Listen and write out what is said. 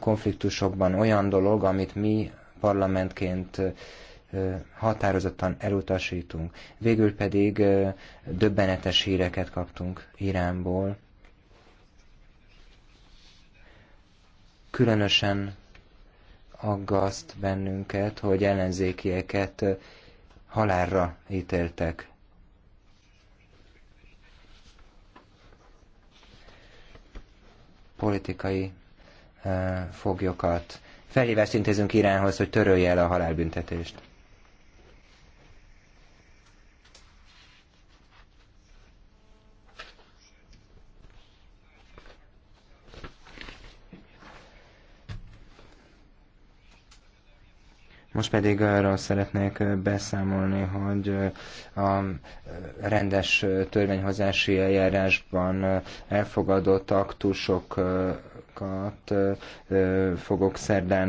konfliktusokban olyan dolog, amit mi parlamentként határozottan elutasítunk. Végül pedig döbbenetes híreket kaptunk Iránból. Különösen aggaszt bennünket, hogy ellenzékieket halálra ítéltek. Politikai foglyokat. Felhívást intézünk Iránhoz, hogy törölje el a halálbüntetést. Most pedig arról szeretnék beszámolni, hogy a rendes törvényhozási eljárásban elfogadott aktusok vitákat fogok szerdán